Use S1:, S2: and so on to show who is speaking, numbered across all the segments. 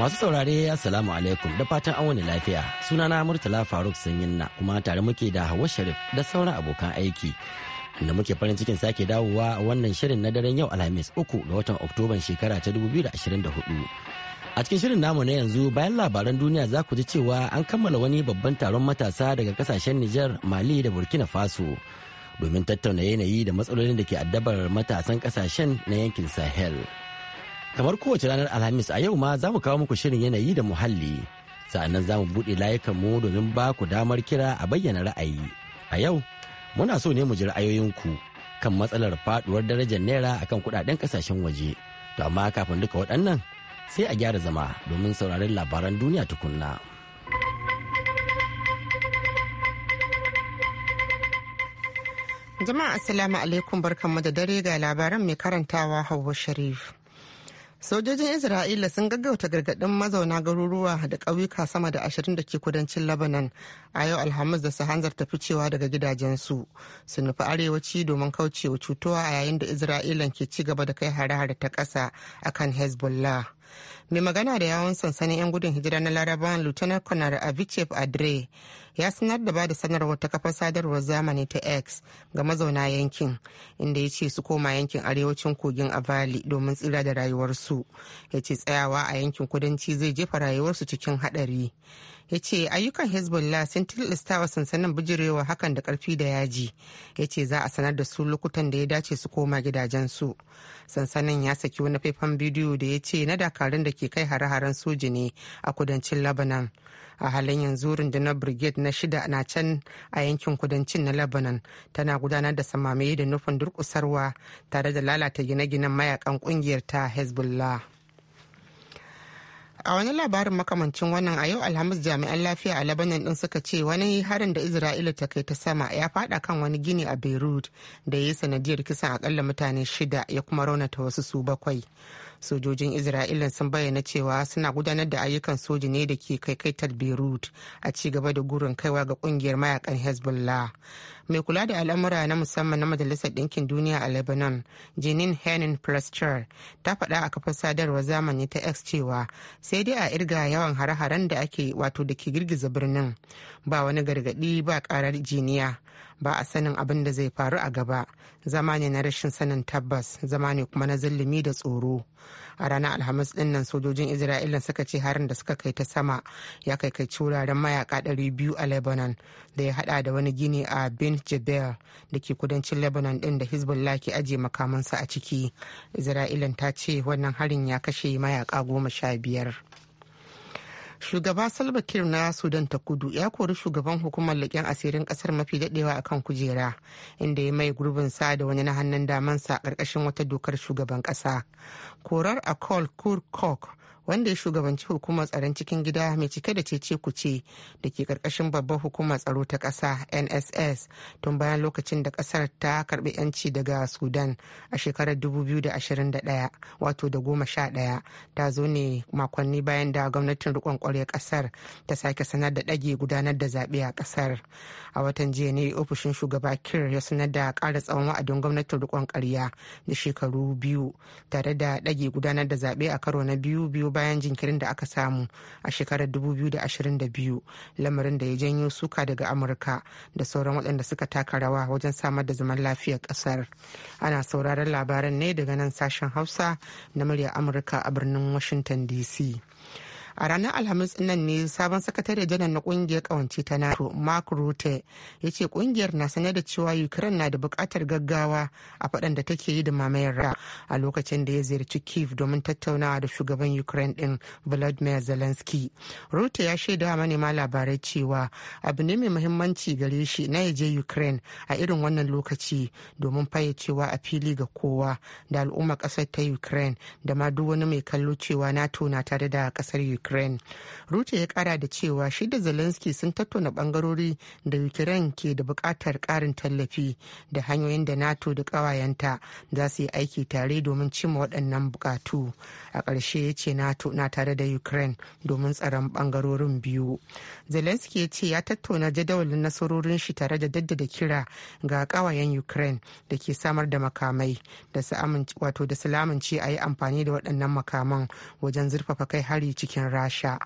S1: Masu saurare Assalamu alaikum da fatan an wani lafiya. Sunana Murtala Faruk Sanyinna kuma tare muke da Hauwa Sharif da sauran abokan aiki. Da muke farin cikin sake dawowa a wannan shirin na daren yau Alhamis uku ga watan Oktoban shekara ta 2024. A cikin shirin namu na yanzu bayan labaran duniya za ku ji cewa an kammala wani babban taron matasa daga kasashen Nijar, Mali da Burkina Faso domin tattauna yanayi da matsalolin da ke addabar matasan kasashen na yankin Sahel. Kamar kowace ranar Alhamis a yau ma za mu kawo muku shirin yanayi da muhalli. Sa'annan za mu buɗe layukanmu domin ba ku damar kira a bayyana ra'ayi. A yau, muna so ne mu ji ra'ayoyinku kan matsalar faduwar darajar naira a kan kudaden kasashen waje. To amma kafin duka waɗannan sai a gyara zama domin sauraron labaran duniya tukunna.
S2: Jama'a Assalamu alaikum barkanmu da dare ga labaran mai karantawa Hauwa Sharif. sojojin isra'ila sun gaggauta gargaɗin mazauna garuruwa da ƙauyuka sama da ashirin da ke kudancin lebanon a yau alhamis da su Hanzar ta ficewa daga gidajensu su nufi arewaci domin kaucewa cutuwa a yayin da isra'ilan ke ci gaba da kai hare-hare ta ƙasa akan hezbollah mai magana da yawon sansanin 'yan gudun hijira na laraban lieutenant colonel avichev adre ya sanar da ba da sanarwar ta kafar sadarwar zamani ta x ga mazauna yankin inda ya ce su koma yankin arewacin kogin avali domin tsira da rayuwarsu ya ce tsayawa a yankin kudanci zai jefa rayuwarsu cikin haɗari ya ce ayyukan hezbollah sun tilasta wa sansanin bijirewa hakan da karfi da yaji ya ce za a sanar da su lokutan da ya dace su koma gidajensu sansanin ya saki wani faifan bidiyo da ya ce na dakarun da ke kai hare-haren soji ne a kudancin lebanon a halin yanzu rundunar brigade na shida na can a yankin kudancin na lebanon tana gudanar da samamai da nufin durkusarwa tare da lalata gine-ginen mayakan kungiyar ta hezbollah a wani labarin makamancin wannan a yau alhamis jami'an lafiya a labanan din suka ce wani harin da isra'ila ta kai ta sama ya fada kan wani gini a beirut da ya yi sanadiyar kisan akalla mutane shida ya kuma raunata wasu su bakwai sojojin isra'ila sun bayyana cewa suna gudanar da ayyukan soji ne da ke kai kaitar beirut a ci gaba da gurin kaiwa ga kungiyar mayakan hezbollah mai kula da al'amura na musamman na majalisar ɗinkin duniya a lebanon jenin henin prescher ta faɗa a kafar sadarwar zamani ta x cewa sai dai a irga yawan hare-haren da ake wato da ke girgiza birnin ba wani gargaɗi ba ƙarar jiniya ba a sanin abin da zai faru a gaba zama ne na rashin sanin tabbas zama ne kuma na zulumi da tsoro a ranar alhamis din nan sojojin isra'ila suka ce harin da suka kai ta sama ya kai kai wuraren mayaka 200 a lebanon da ya hada da wani gini a bin jebel da ke kudancin lebanon din da hezbollah ke ajiye makamansa a ciki isra'ilan ta ce wannan harin ya kashe mayaka goma sha biyar shugaba salva kiir na sudan ta kudu ya kori shugaban hukumar leƙen asirin ƙasar mafi daɗewa a kan kujera inda ya mai gurbin sa da wani na hannun damansa ƙarƙashin wata dokar shugaban ƙasa korar a col kurkok wanda ya shugabanci hukumar tsaron cikin gida mai cike da cece kuce da ke karkashin babbar hukumar tsaro ta ƙasa nss tun bayan lokacin da ƙasar ta karbi yanci daga sudan a shekarar 2021 wato da goma sha ɗaya ta zo ne makonni bayan da gwamnatin rikon kwarya kasar ta sake sanar da ɗage gudanar da zaɓe a ƙasar a watan jiya ne ofishin shugaba kir ya sanar da ƙara tsawon wa'adin gwamnatin rikon kwarya da shekaru biyu tare da ɗage gudanar da zaɓe a karo na biyu biyu bayan jinkirin da aka samu a shekarar 2022 lamarin da ya janyo suka daga amurka da sauran waɗanda suka taka rawa wajen samar da zaman lafiyar ƙasar ana sauraron labaran ne daga nan sashen hausa na murya amurka a birnin washington dc a ranar alhamis nan ne sabon sakatare janar na kungiyar kawance ta nato mark rutte ya ce kungiyar na sanar da cewa ukraine na da bukatar gaggawa a faɗan da take yi da mamayar ra a lokacin da ya ziyarci kiev domin tattaunawa da shugaban ukraine din vladimir zelensky rutte ya shaida manema labarai cewa abu ne mai mahimmanci gare shi na yaje ukraine a irin wannan lokaci domin fayyacewa a fili ga kowa da al'ummar ƙasar ta ukraine da ma duk wani mai kallo cewa nato na tare da kasar ukraine ukraine ruce ya kara da cewa shi da zelensky sun tattauna bangarori da ukraine ke da bukatar karin tallafi da hanyoyin da nato da kawayenta za su yi aiki tare domin cimma waɗannan bukatu a ƙarshe ya ce nato na tare da ukraine domin tsaron bangarorin biyu zelensky ya ce ya tattauna jadawalin nasarorin shi tare da daddada kira ga kawayen ukraine da ke samar da makamai da su amince a yi amfani da waɗannan makaman wajen zurfafa kai hari cikin ƙasar rasha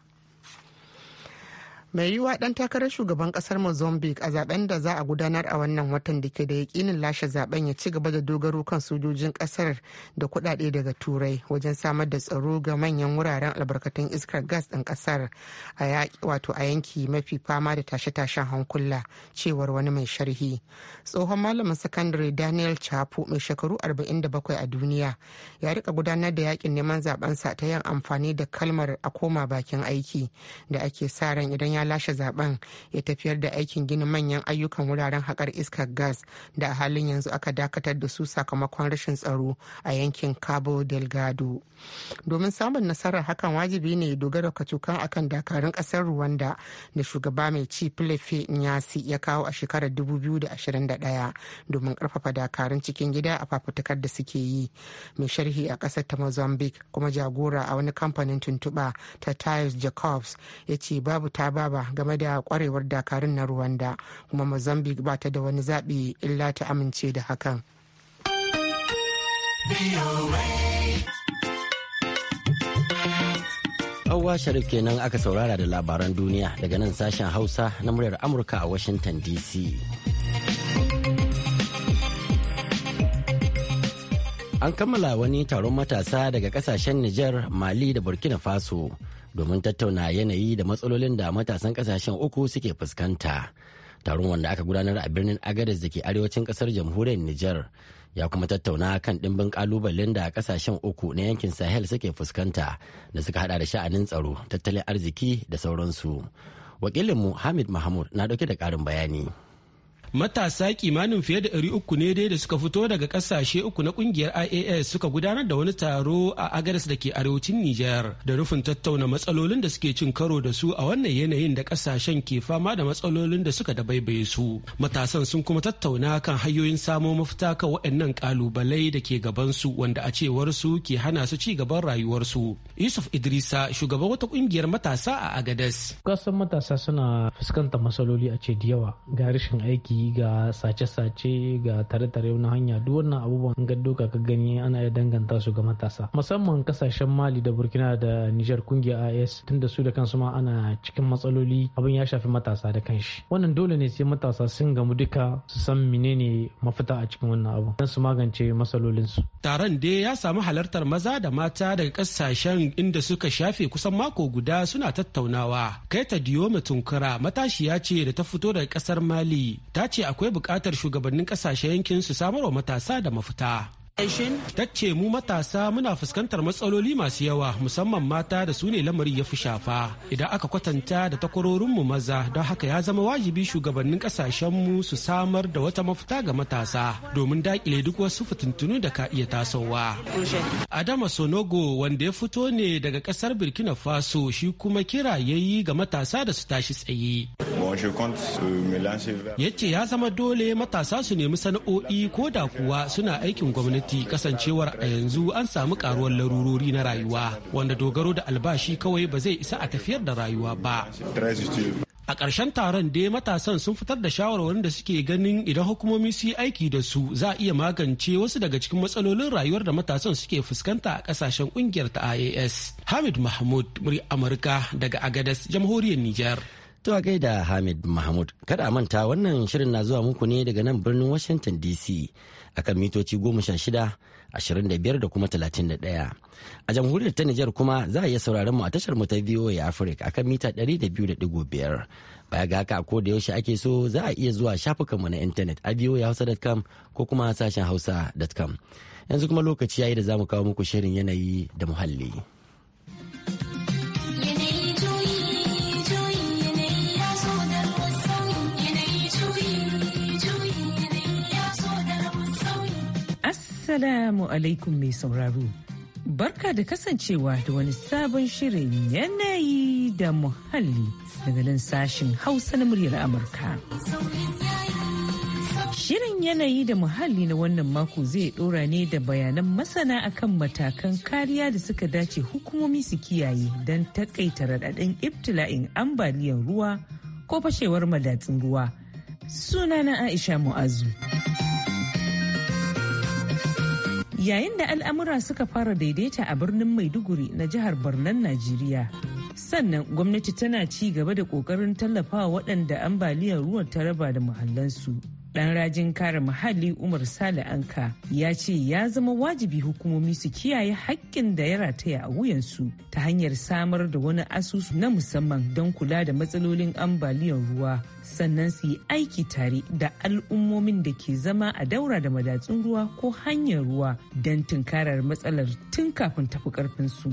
S2: mai yiwuwa dan takarar shugaban kasar mozambique a zaben da za a gudanar a wannan watan da ke da yakinin lashe zaben ya ci gaba da dogaro kan sojojin kasar da kudade daga turai wajen samar da tsaro ga manyan wuraren albarkatun iskar gas din kasar a wato a yanki mafi fama da tashe-tashen hankula cewar wani mai sharhi tsohon malamin sakandare daniel chapo mai shekaru 47 a duniya ya rika gudanar da yakin neman zaben sa ta yin amfani da kalmar a koma bakin aiki da ake sa ran idan ya lashe zaben ya tafiyar da aikin gina manyan ayyukan wuraren haƙar iskar gas da a halin yanzu aka dakatar da su sakamakon rashin tsaro a yankin cabo delgado domin samun nasarar hakan wajibi ne dogara ka kacukan akan dakarun kasar rwanda da shugaba mai ci filipe nyasi ya kawo a shekarar 2021 domin ƙarfafa dakarun cikin gida a fafutukar da suke yi mai sharhi a ƙasar ta mozambique kuma jagora a wani kamfanin tuntuɓa ta tiles jacobs ya ce babu ta babu ba game da kwarewar dakarun na Rwanda kuma Mozambique ba ta da wani zaɓi illa ta amince da hakan.
S1: Hauwa Sharif kenan aka saurara da labaran duniya daga nan sashen Hausa na muryar Amurka a Washington DC. An kammala wani taron matasa daga kasashen Nijar, Mali da Burkina Faso domin tattauna yanayi da matsalolin da matasan kasashen uku suke fuskanta taron wanda aka gudanar a birnin agadez da ke arewacin kasar jamhuriyar niger ya kuma tattauna kan dimbin kalubalen da kasashen uku na yankin sahel suke fuskanta da suka hada da sha'anin tsaro tattalin arziki da sauransu wakilinmu hamid mahmud na dauke da karin bayani
S3: matasa kimanin fiye da 300 uku ne dai da suka fito daga kasashe uku na kungiyar IAS suka gudanar da wani taro a Agadas da ke arewacin Nijar da rufin tattauna matsalolin da suke cin karo da su a wannan yanayin da kasashen ke fama da matsalolin da suka dabaibaye su. Matasan sun kuma tattauna kan hanyoyin samo mafita kan waɗannan kalubalai da ke gaban su wanda a cewar su ke hana su ci gaban rayuwarsu. Yusuf Idrisa shugaban wata kungiyar matasa a Agadez.
S4: Kasan matasa suna fuskantar matsaloli a ce da yawa ga rashin aiki ga sace-sace ga tare-tare na hanya duk wannan abubuwan ga doka ka gani ana iya danganta su ga matasa musamman kasashen mali da burkina da niger kungiyar is da su da kansu ma ana cikin matsaloli abin ya shafi matasa da kanshi wannan dole ne sai matasa sun gamu duka su san menene mafita a cikin wannan abu don su magance matsalolin su
S3: taron dai ya samu halartar maza da mata daga kasashen inda suka shafe kusan mako guda suna tattaunawa kai ta diyo mutunkura matashiya ce da ta fito daga kasar mali ta ce akwai buƙatar shugabannin ƙasashe yankin su samarwa matasa da mafita. Ta ce mu matasa muna fuskantar matsaloli masu yawa musamman mata da su ne lamari ya fi shafa idan aka kwatanta da takwarorinmu maza don haka ya zama wajibi shugabannin kasashenmu su samar da wata mafita ga matasa domin dakile duk wasu fitintunu da ka iya tasowa. Adama Sonogo wanda ya fito ne daga kasar Burkina Faso shi kuma kira yayi ga matasa da
S4: su tashi tsaye.
S3: Ya ce ya zama dole matasa su nemi sana'o'i ko da kuwa suna aikin gwamnati kasancewar a yanzu an samu karuwar larurori na rayuwa wanda dogaro da albashi kawai ba zai isa a tafiyar da rayuwa ba. A ƙarshen taron dai matasan sun fitar da shawarwarin da suke ganin idan hukumomi su yi aiki da su za a iya magance wasu daga cikin matsalolin rayuwar da matasan suke fuskanta a ƙasashen ƙungiyar ta IAS. Hamid Mahmud, muri Amurka daga Agadas, Jamhuriyar Nijar.
S1: a gaida Hamid Mahmud, kada manta wannan shirin na zuwa muku ne daga nan birnin Washington DC akan mitoci goma sha shida, ashirin da biyar da kuma talatin da ɗaya. A jamhuriyar ta Nijar kuma za a iya sauraron mu a tashar mu ta VOA Africa akan mita ɗari da biyu da ɗigo biyar. Baya ga haka ko da yaushe ake so za a iya zuwa shafukan mu na intanet a voahausa.com ko kuma sashen hausa.com. Yanzu kuma lokaci ya yi da za mu kawo muku shirin yanayi da muhalli.
S5: Assalamu alaikum mai sauraro. Barka da kasancewa da wani sabon shirin yanayi da muhalli daga nan sashen Hausa na muryar Amurka. Shirin yanayi da muhalli na wannan mako zai dora ne da bayanan masana akan matakan kariya da suka dace hukumomi su kiyaye don takaita raɗaɗin ibtila'in ambaliyar ruwa ko fashewar madatsin ruwa. Sunana Aisha Mu'azu. yayin da al'amura suka fara daidaita a birnin maiduguri na jihar barnan najeriya sannan gwamnati tana ci gaba da kokarin tallafawa waɗanda ambaliyar ruwan ta raba da muhallansu dan rajin kare muhalli umar sale anka ya ce ya zama wajibi hukumomi su kiyaye hakkin da ya rataya a wuyansu ta hanyar samar da wani asusu na musamman don kula da matsalolin ambaliyar ruwa sannan su yi aiki tare da al'ummomin da ke zama a daura da madatsun ruwa ko hanyar ruwa don tunkarar matsalar tun kafin tafi karfinsu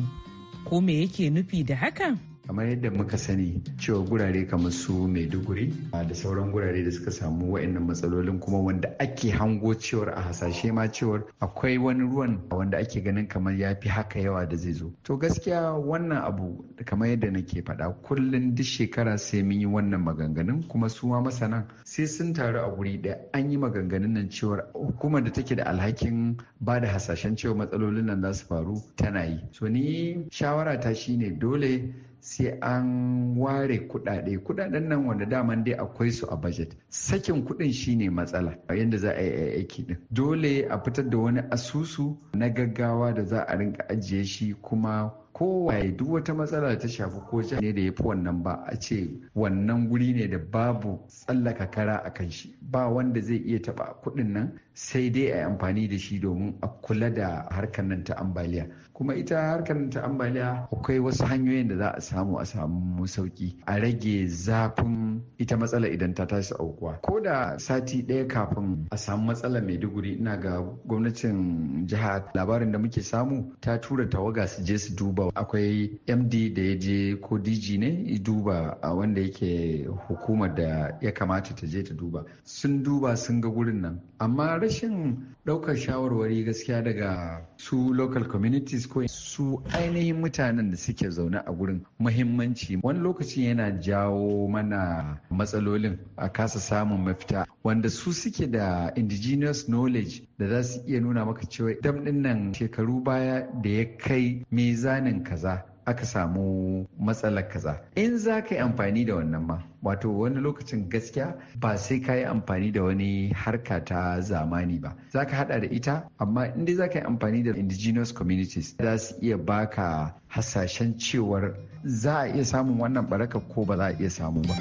S5: ko me yake nufi da hakan
S6: kamar yadda muka sani cewa gurare kamar su maiduguri ah, da sauran gurare da suka samu wa'annan matsalolin kuma wanda ake hango cewar a hasashe ma cewar akwai wani ruwan wanda ake ganin kamar ya fi haka yawa da zai zo to gaskiya wannan abu kamar yadda nake faɗa kullum duk shekara sai mun yi wannan maganganun kuma su ma masanan sai sun taru a guri ɗaya an yi maganganun nan cewar hukumar da take da alhakin ba da hasashen cewa matsalolin nan za su faru tana yi so ni shawara ta shine dole sai an ware kuɗaɗe kuɗaɗen nan wanda daman dai akwai su a budget sakin kuɗin shine matsala yadda za a yi aiki din dole a fitar da wani asusu na gaggawa da za a rinka ajiye shi kuma kowaye duk wata matsala ta shafi ko ne da ya fi wannan ba a ce wannan guri ne da babu tsallaka kara a kan shi ba wanda zai iya taba kuɗin nan sai dai a yi amfani da shi domin a kula da harkar nan ta ambaliya kuma ita harkar nan ta ambaliya akwai wasu hanyoyin da za a samu a samu sauki a rage zafin ita matsala idan ta tashi aukuwa ko da sati ɗaya kafin a samu matsala mai duguri ina ga gwamnatin jihar labarin da muke samu ta tura tawaga su je su duba duba akwai md da ya je ko dg ne duba a wanda yake hukumar da ya kamata ta je ta duba sun duba sun ga gurin nan amma rashin ɗaukar shawarwari gaskiya daga su local communities ko su ainihin mutanen da suke zaune a gurin muhimmanci wani lokacin yana jawo mana matsalolin a kasa samun mafita wanda su suke da indigenous knowledge da za su iya nuna maka cewa dam nan shekaru baya da ya kai mizanin bayanin kaza aka samu matsalar kaza in za ka yi amfani da wannan ma wato wani lokacin gaskiya ba sai ka yi amfani da wani harka ta zamani ba za ka hada da ita amma inda za ka yi amfani da indigenous communities za su iya baka hasashen cewar za a iya samun wannan baraka ko ba za a iya
S5: samu ba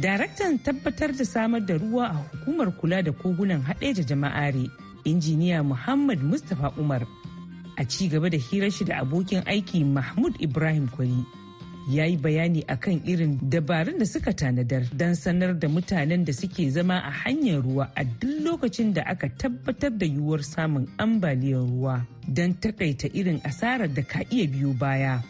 S5: daraktan tabbatar da samar da ruwa a hukumar kula da kogunan haɗe da jama'are injiniya muhammad mustapha umar a ci gaba da hirar shi da abokin aiki mahmud ibrahim kwari ya yi bayani akan irin dabarun da suka tanadar don sanar da mutanen da suke zama a hanyar ruwa a duk lokacin da aka tabbatar da yiwuwar samun ambaliyar ruwa don takaita irin asarar da ka iya biyo baya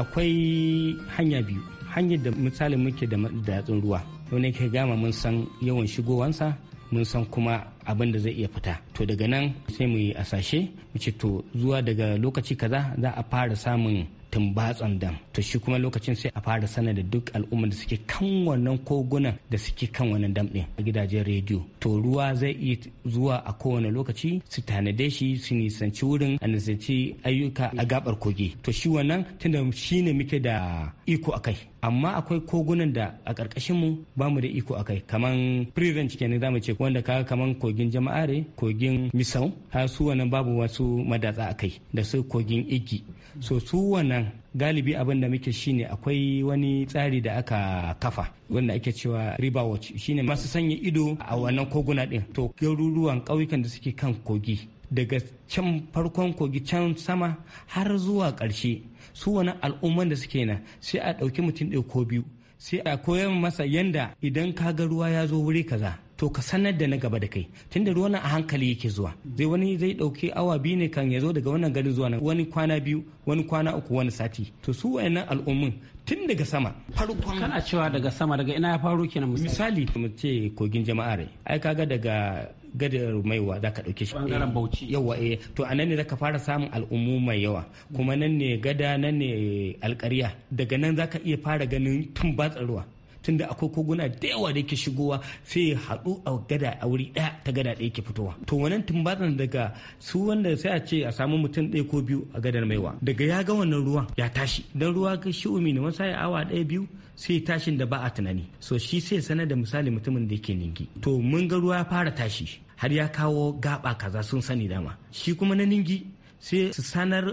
S4: akwai hanya biyu hanyar da misalin muke da ruwa wani ke gama mun san yawan shigowansa mun san kuma abin da zai iya fita to daga nan sai mu yi asashe mu ce to zuwa daga lokaci kaza za a fara samun tumbatsan dam to shi kuma lokacin sai a fara sanar da duk al'ummar da suke kan wannan kogunan da suke kan wannan dam din a gidajen rediyo to ruwa zai iya zuwa a kowane lokaci su tanade shi su nisanci wurin a nisanci ayyuka a gabar kogi to shi wannan tunda shi ne muke da iko akai amma akwai kogunan da a ƙarƙashin mu ba mu da iko kai kaman free range ne zamu ce wanda kaga kaman kogin jama'are kogin misau har su wannan babu wasu madatsa akai da su kogin igi so su wannan nan galibi abin da muke shine akwai wani tsari da aka kafa wanda ake cewa river watch shine masu sanya ido a wannan koguna din to garuruwan ƙauyukan da suke kan kogi daga can farkon kogi can sama har zuwa karshe su wani al'umman da suke nan sai a ɗauki mutum ɗaya ko biyu sai a koyar masa yanda idan ka ga ruwa ya zo wuri kaza to ka sanar da na gaba da kai tunda ruwan a hankali yake zuwa zai wani zai dauke awa biyu ne kan ya zo daga wannan gari zuwa nan wani kwana biyu wani kwana uku wani sati to su wayannan al'ummin tun daga sama farkon kana cewa daga sama daga ina ya faru kenan misali mu ce kogin jama'a rai ai kaga daga gadar maiwa za ka dauke shi bangaren eh, bauchi yawa eh to a nan ne zaka fara samun al'ummu mai yawa kuma nan ne gada nan ne alƙarya daga nan zaka iya fara ganin tun batsa ruwa tunda akwai koguna da yawa da ke shigowa sai ya haɗu a gada a wuri ɗaya ta gada ɗaya ke fitowa to wannan tumbatsan daga su wanda sai a ce a samu mutum ɗaya ko biyu a gadar maiwa daga ya ga wannan ruwan ya tashi dan ruwa ga shi'umi ne wasa ya awa ɗaya biyu sai tashin da ba a tunani so shi sai sanar da misali mutumin da yake ningi to mun ga ruwa ya fara tashi har ya kawo gaba kaza sun sani dama shi kuma na ningi sai su sanar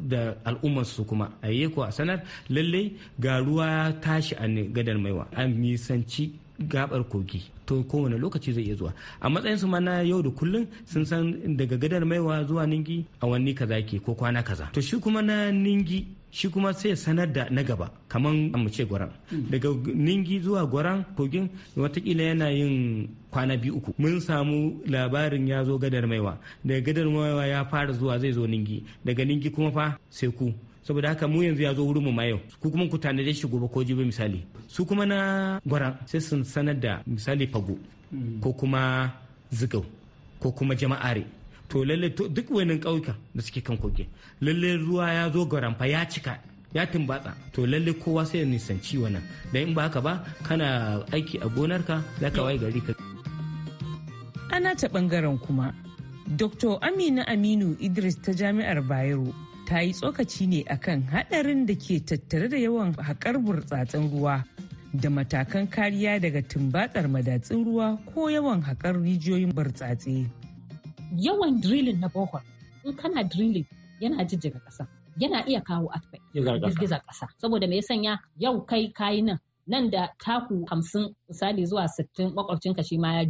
S4: da al'ummar su kuma a yi ko a sanar lallai ga ruwa ya tashi a gadar maiwa a nisanci gabar kogi to kowane lokaci zai iya zuwa a matsayin su ma na yau da kullun sun san daga gadar maiwa zuwa ningi a awanni kaza ke ko kwana kaza to shi kuma na ningi shi kuma sai sanar da na gaba kaman mu ce gwaran mm. daga ningi zuwa gwaran kogin watakila yana yin kwana biyu uku mun samu labarin ya zo gadar maiwa daga gadar maiwa ya fara zuwa zai zo ningi daga ningi kuma fa sai ku saboda haka mu yanzu ya zo wurin mu mayo ku kuma ku tanade shi gobe ko jibi misali su kuma na gwaran sai sun sanar da misali fago mm. ko kuma zigau ko kuma jama'are to lalle duk wani ƙauyuka da suke kan koke, lalle ruwa ya zo garamfa ya cika ya tumbatsa to lalle kowa sai ya nisanci wannan da in ba haka ba kana aiki a gonarka za ka waye gari ka
S5: ana ta bangaren kuma dr amina aminu idris ta jami'ar bayero ta yi tsokaci ne akan hadarin da ke tattare da yawan haƙar burtsatsen ruwa da matakan kariya daga tumbatsar madatsin ruwa ko yawan haƙar rijiyoyin burtsatse.
S7: yawan drilling na bohol in kana drilling yana jijjiga ƙasa yana iya kawo earthquake girgiza ƙasa saboda me ya sanya yau kai kayi nan nan da taku hamsin misali zuwa sittin makwabcinka shi ma ya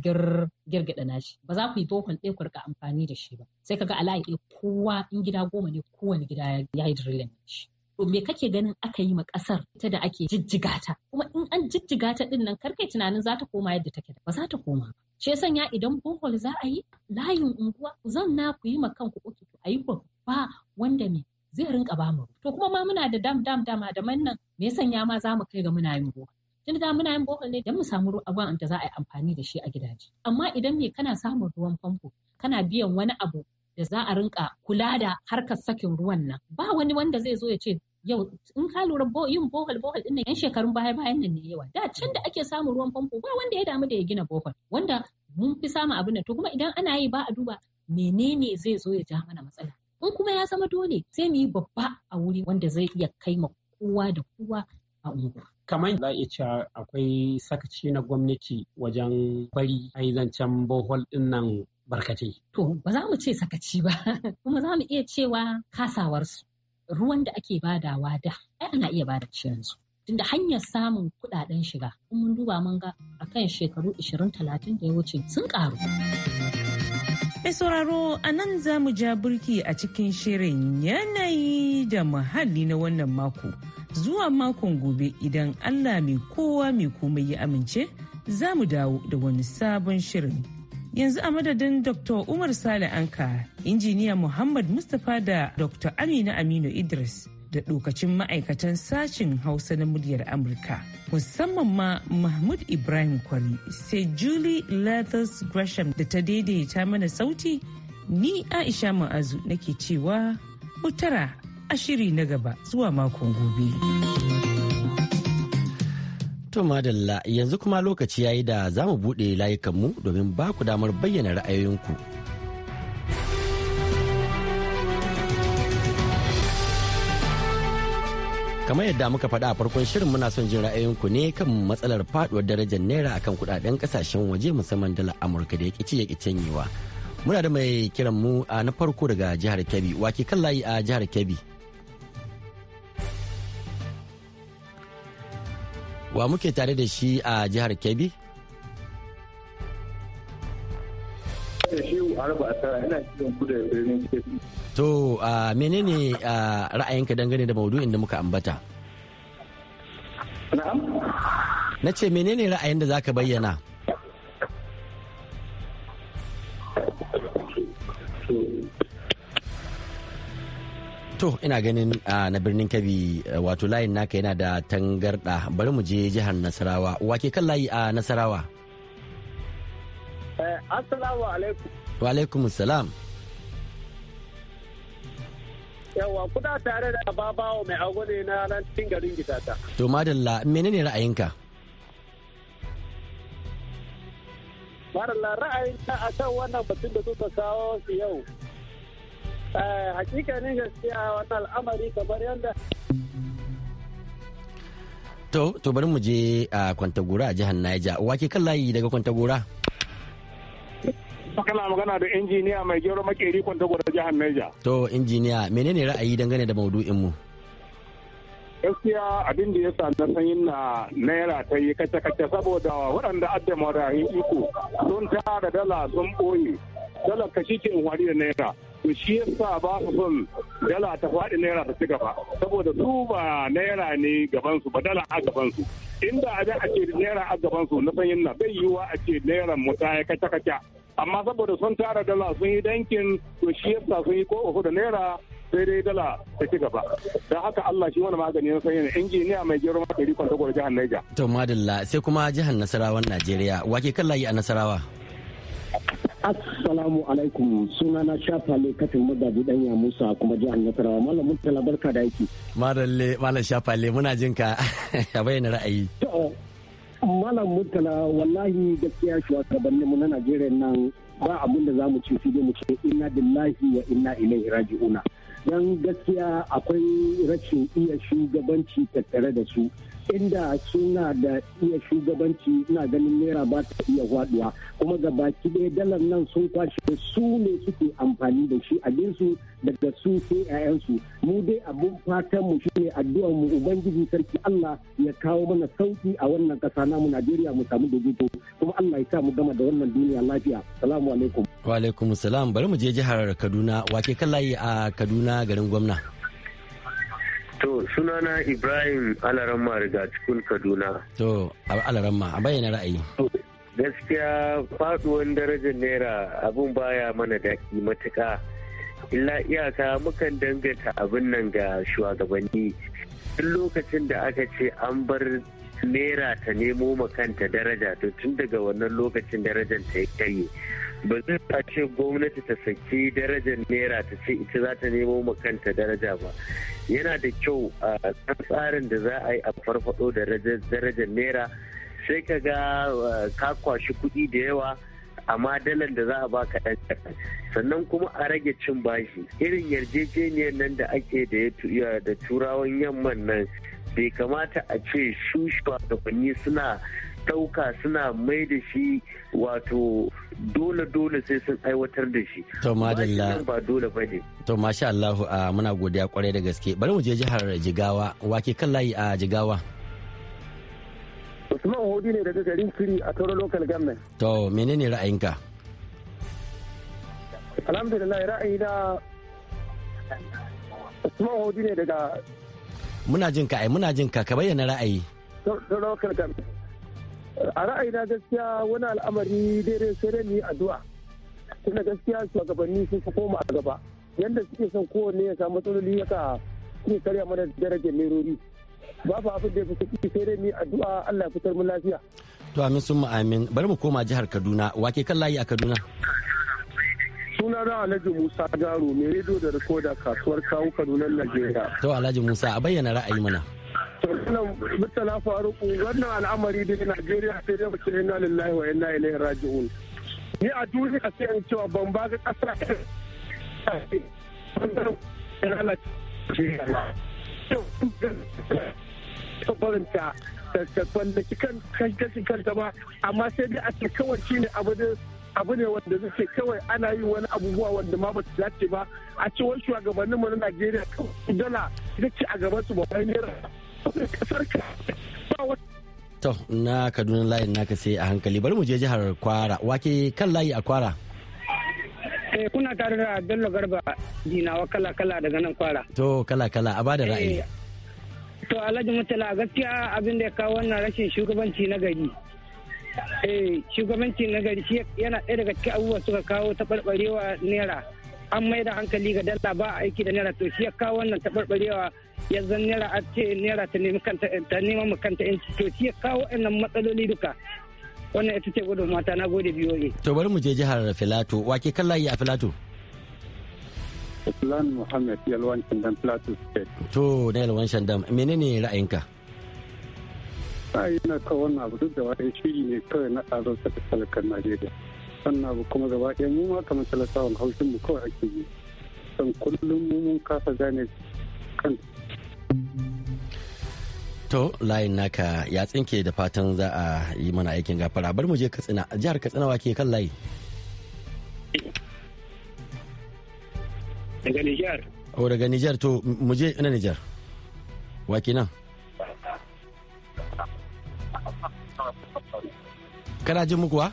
S7: girgida nashi ba za ku yi bohol ɗaya ku rika amfani da shi ba sai kaga ala'i kowa in gida goma ne kowane gida ya yi drilling shi to me kake ganin aka yi ma kasar ita da ake jijjiga ta kuma in an jijjiga ta din nan karkai tunanin za ta koma yadda take ba za ta koma ce sanya idan bohol za a yi layin unguwa zan na ku yi ma kanku uku a yi babba wanda me zai rinka ba mu to kuma ma muna da dam dam dama da mannan me sanya ma za mu kai ga muna yin bohol tun da muna yin bohol ne don mu samu ruwa ruwan da za a yi amfani da shi a gidaje amma idan me kana samun ruwan famfo kana biyan wani abu da za a rinka kula da harkar sakin ruwan nan ba wani wanda zai zo ya ce yau in ka lura yin bohol bohol din yan shekarun baya bayan nan ne yawa da can da ake samun ruwan famfo ba wanda ya damu da ya gina bohol wanda mun fi samun abin da. to kuma idan ana yi ba a duba menene zai zo ya ja mana matsala in kuma ya zama dole sai mu yi babba a wuri wanda zai iya kai ma kowa da kowa a unguwa
S3: kamar za iya cewa akwai sakaci na gwamnati wajen bari a yi zancen bohol din nan barkatai.
S7: To, ba za mu ce sakaci ba, kuma za mu iya cewa kasawarsu. ruwan da ake badawa da ai ana iya bada shi yanzu tunda hanyar samun kudaden shiga in mun duba mun ga akan shekaru 20-30 da ya wuce sun karu
S5: Mai sauraro a nan za mu ja burki a cikin shirin yanayi da muhalli na wannan mako. Zuwa makon gobe idan Allah mai kowa mai komai ya amince, za mu dawo da wani sabon shirin. yanzu a madadin dr umar sale anka injiniya muhammad mustapha da dr amina aminu idris da dokacin ma'aikatan sashin hausa na muryar amurka musamman ma mahmud ibrahim kwari sai julie lathers gresham da ta daidaita mana sauti ni aisha ma'azu nake cewa mutara ashiri na gaba zuwa makon gobe.
S1: To madalla yanzu kuma lokaci ya yi da za mu buɗe layukanmu domin ba ku damar bayyana ra'ayoyinku. kamar yadda muka faɗa a farkon shirin muna son jin ra'ayinku ne kan matsalar faɗuwar darajar naira akan kudaden kasashen waje musamman dala amurka da ya ƙi ya canyewa muna da mai kiran mu a na farko daga jihar kebbi wake kan layi a jihar kebbi wa muke tare da shi a jihar kebbi to a menene ra'ayinka dangane da maudu'in da muka ambata na'am na ce menene ra'ayin da zaka bayyana to ina ganin na birnin kabi wato layin naka yana da tangarda bari mu je jihar nasarawa wake kan layi a nasarawa
S8: eh, assalamu alaikum
S1: wa alaikum salam
S8: yawa kuna tare da babawo mai agwade na nan cikin garin gidata
S1: to madalla menene ra'ayinka
S8: madalla ra'ayinka kan wannan batun da suka kawo su yau Eh, hakikanin gaskiya al'amari kamar yadda
S1: To, bari mu je a Kwantagora a jihar Niger. Wake kan layi daga Kwantagora?
S8: Kana magana da injiniya mai gero makeri Kwantagora jihar Niger.
S1: To, injiniya, menene ra'ayi dangane da maudu'in mu?
S8: Gaskiya abin da ya sa na sanyin na naira ta yi kace-kace saboda waɗanda adda marayin iko sun tara dala sun ɓoye. Dala kashi ke da naira. to shi yasa ba su son dala ta faɗi naira ta ci gaba saboda su ba naira ne gaban su ba dala a gaban su inda a a ce naira a gaban su na sanyin na bai yiwa a ce naira mu ta ya kaca kaca amma saboda sun tara dala sun yi dankin to shi yasa sun yi ko da naira sai dai dala ta ci gaba don haka Allah shi wani magani na sanyin injiniya mai gero maka rikon tagwar jihar
S1: Niger. To madalla sai kuma jihar Nasarawan Najeriya wake kan layi a Nasarawa.
S8: Assalamu alaikum suna na shafa ne katin magaji danya Musa kuma jihar Nasarawa malam Murtala barka da yake.
S1: Maralle malam shafa le muna jin ka a bayyana ra'ayi.
S8: Malam Murtala wallahi gaskiya shugabannin mu na Najeriya nan ba abin da zamu ci sai mu ce inna lillahi wa inna ilaihi raji'una. Dan gaskiya akwai rashin iya shugabanci tattare da su. inda suna da iya shugabanci ina ganin naira ba ta iya waduwa kuma ga baki ɗaya dalar nan sun kwashe su ne suke amfani da shi abinsu daga su sai 'ya'yansu mu dai abin fatan mu shine addu'ar mu ubangiji sarki Allah ya kawo mana sauki a wannan kasa namu Najeriya mu samu dogito kuma Allah ya sa mu gama da wannan duniya lafiya
S1: salamu alaikum wa alaikum salam bari mu je jihar Kaduna wake kallaye a Kaduna garin gwamna
S8: To sunana Ibrahim Alaramma daga cikin Kaduna.
S1: To Alaramma a bayyana ra'ayi.
S8: Gaskiya faduwan darajar naira abun baya mana daki matuƙa Illa iyaka mukan danganta abin nan ga shugabanni. Duk lokacin da aka ce an bar naira ta nemo makanta daraja to tun daga wannan lokacin darajar ta yi ba zai ce gwamnati ta saki darajar naira ta ce ita za ta nemo ma kanta daraja ba yana da kyau a tsarin da za a yi a farfado da darajar naira sai ka ga eh, ka kwashi kuɗi da yawa amma dalar da za a baka ɗan kaɗan sannan kuma a rage cin bashi irin yarjejeniyar nan da ake da turawan yamman nan bai kamata a ce su da suna ɗauka suna mai da shi wato dole-dole sai sun aiwatar da shi. To madalla. Ba dole ba ne.
S1: To masha Allahu a muna godiya kwarai da gaske. Bari mu je jihar Jigawa, wake kan layi a Jigawa.
S8: Usman Hodi ne daga garin Kiri a Toro Local Government.
S1: To menene ra'ayinka?
S8: Alhamdulillah ra'ayi da Usman Hodi ne daga
S1: Muna jin ka ai muna jin ka ka bayyana ra'ayi.
S8: Toro Local Government. a ra'ayina gaskiya wani al'amari daidai sai dai mu addu'a tunda gaskiya shugabanni sun fi koma a gaba yadda suke son kowanne ya samu matsaloli yaka suke karya mana darajar merori ba abin da ya fi sai dai mu yi addu'a Allah ya fitar mu lafiya
S1: to amin sun amin bari mu koma jihar Kaduna wake kan layi a Kaduna
S8: Suna na Alhaji Musa Garo mai rediyo da rikoda kasuwar kawo Kaduna Najeriya
S1: to Alhaji Musa a bayyana ra'ayi mana
S8: Malam mutala Faruku wannan al'amari da Najeriya sai dai mace inna lillahi wa inna ilaihi raji'un. Ni a duniya sai in cewa ban ba ga ƙasa barinta ta kwallaki kan kankasin kanta ba amma sai dai a ce kawai shi ne da abu ne wanda zai kawai ana yi wani abubuwa wanda ma ba su dace ba a cewar mu na najeriya kawai dala ita ce a gaban su ba
S1: To na Kaduna layin naka sai a hankali bari mu je jihar Kwara wake kan layi a Kwara.
S8: Eh kuna tare da Bello Garba dinawa kala kala daga nan Kwara.
S1: To kala kala a bada ra'ayi. Eh,
S4: to Alhaji Murtala gaskiya abin da ya kawo wannan rashin shugabanci na gari. Eh shugabanci na gari yana ɗaya daga cikin abubuwa suka kawo taɓarɓarewa naira. an mai da hankali ga dala ba a aiki da naira to shi ya kawo wannan taɓarɓarewa ya zan naira a ce naira ta nemi kanta ta nema mu kanta in to shi
S8: ya kawo wannan matsaloli duka
S1: wannan ita ce gudun mata na gode ne to bari mu je jihar filato wake kallaye a filato.
S8: Islam Muhammad Yalwan
S1: Shandam Plateau State. To na Yalwan Shandam menene ra'ayinka?
S8: Ra'ayi na kawo wannan abu duk da wani shiri ne kawai na tsaro ta talakar Najeriya. sannan abu kuma gaba ɗaya mu ma kamar talakawan haushin mu kawai ake yi san kullum mu mun kasa gane kan
S1: to layin naka ya tsinke da fatan za a yi mana aikin gafara bar mu je katsina jihar katsina wa ke kan layi daga nijar o oh, daga nijar to mu je ina nijar wa ke nan. kana jin mu kuwa?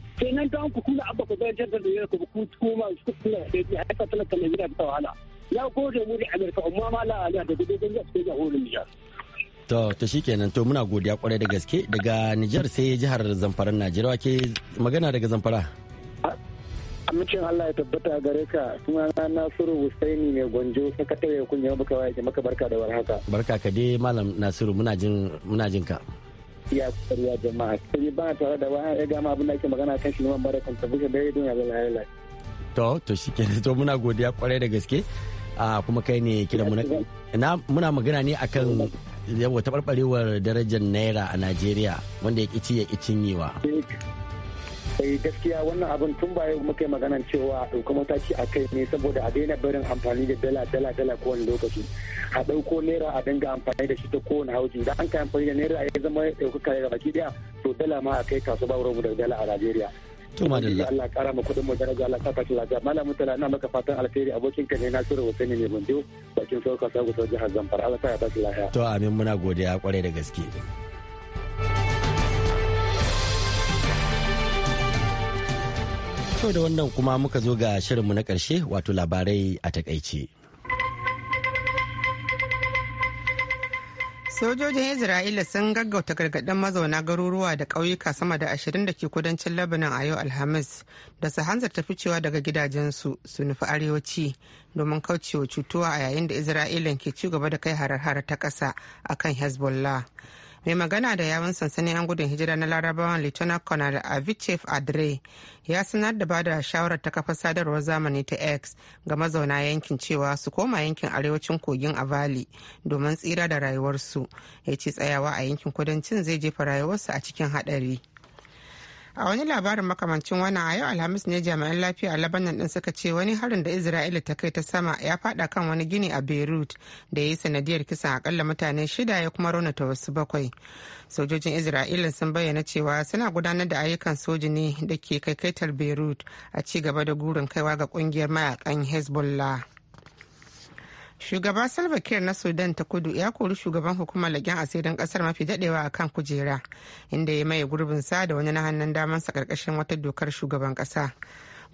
S8: kenan don ku kula abba ku zai jaddada da ku ku kuma ku kula da ya haifa talaka mai da ta wahala ya gode mu da amerika amma ma ala da gudu don ya fita jahorin nijar
S1: to to shikenan to muna godiya kwarai da gaske daga nijar sai jihar zamfara najeriya ke magana daga zamfara
S8: amincin Allah ya tabbata gare ka kuma na Nasiru Husaini mai gwanjo sakatare kungiyar baka wa yake maka barka da warhaka
S1: barka ka dai malam Nasiru muna jin muna jin ka
S8: ya kokarwa jama'a sai ba tare da wani ya gama abin da ake magana kan shi man barakan bushe da ya dunya zalla halala
S1: to to shike to muna godiya kwarai da gaske a kuma kai ne kira muna na muna magana ne akan yawa taɓarɓarewar darajar naira a Najeriya wanda ya ci ya ƙi cinyewa
S8: sai eh, gaskiya wannan abin tun ba yau muka yi maganan cewa a ɗauki mataki a kai ne saboda a daina barin amfani da dala dala dala kowane lokaci a ɗauko naira a dinga amfani da shi ta kowane hauji da an ka amfani da naira ya zama ɗaukaka daga baki ɗaya to dala ma a kai kasu ba wurin daga dala a Najeriya. To madalla. Allah kara ma kudin mu daraja Allah saka shi lafiya. Malam Mutala ina maka fatan alheri abokin ka ne Nasiru wata ne Bundo bakin sauka sagu sau jihar Zamfara.
S1: Allah ta ya ba shi lafiya. To amin muna godiya kwarai da gaske. To da wannan kuma muka zo ga shirinmu na ƙarshe wato labarai a takaice.
S2: Sojojin Isra'ila sun gaggauta gargaɗin mazauna garuruwa da ƙauyuka sama da ashirin da ke kudancin Lebanon a yau Alhamis da su hanzarta ficewa daga gidajensu su nufi arewaci domin kaucewa cutuwa a yayin da Isra'ilan ke ci gaba da kai harar-harar ta ƙasa akan Hezbollah. Hezbollah. mai magana da yawon sansanin 'yan gudun hijira na larabawan lieutenant colonel avichef adre ya sanar da bada shawarar ta kafa sadarwar zamani ta x ga mazauna yankin cewa su koma yankin arewacin kogin avali domin tsira da rayuwarsu ya ce tsayawa a yankin kudancin zai jefa rayuwarsu a cikin haɗari a wani labarin makamancin wannan a yau alhamis ne jami'an lafiya a labanan din suka ce wani harin da isra'ila ta kai ta sama ya fada kan wani gini a beirut da ya yi sanadiyar kisan akalla mutane shida ya kuma raunata wasu bakwai sojojin isra'ila sun bayyana cewa suna gudanar da ayyukan soji ne da ke kaikaitar beirut a ci gaba da gurin kaiwa ga kungiyar mayakan hezbollah Shugaba Salva Kiir na Sudan ta kudu ya kori shugaban hukumar lagen asirin kasar mafi dadewa a kan kujera inda ya maye gurbinsa da wani na hannun damansa karkashin wata dokar shugaban kasa.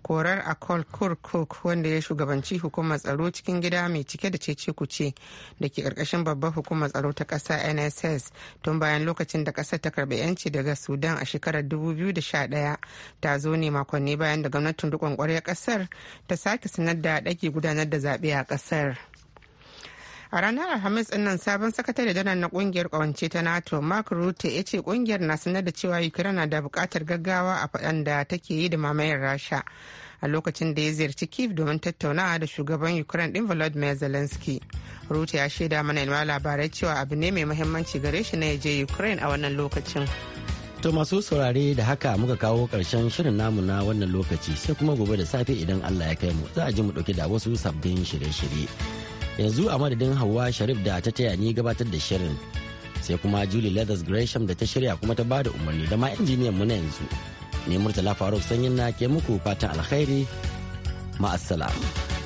S2: korar a kurkuk wanda ya shugabanci hukumar tsaro cikin gida mai cike da cece kuce da ke karkashin babbar hukumar tsaro ta kasa nss tun bayan lokacin da kasar ta karbi yanci daga sudan a shekarar 2011 ta zo ne makonni bayan da gwamnatin rikon kwarar kasar ta sake sanar da dake gudanar da zaɓe a kasar a ranar alhamis nan sabon sakatare janar na kungiyar kawance ta nato mark rutte ya ce kungiyar na sanar da cewa ukraine na da bukatar gaggawa a faɗan da take yi da mamayar rasha a lokacin da ya ziyarci kyiv domin tattaunawa da shugaban ukraine ɗin volodymyr zelensky rute ya shaida mana ilma labarai cewa abu ne mai muhimmanci gare shi na ya je ukraine a wannan lokacin To
S1: masu saurare da haka muka kawo karshen shirin namu na wannan lokaci sai kuma gobe da safe idan Allah ya kai mu za a ji mu ɗauki da wasu sabbin shirye-shirye. yanzu a madadin hawa sharif da ta taya ni gabatar da shirin sai kuma julie leathers gresham da ta shirya kuma ta bada umarni da ma injiniyan mu na yanzu ne murtala faruk sanyin na ke muku fatan alkhairi ma'assalam.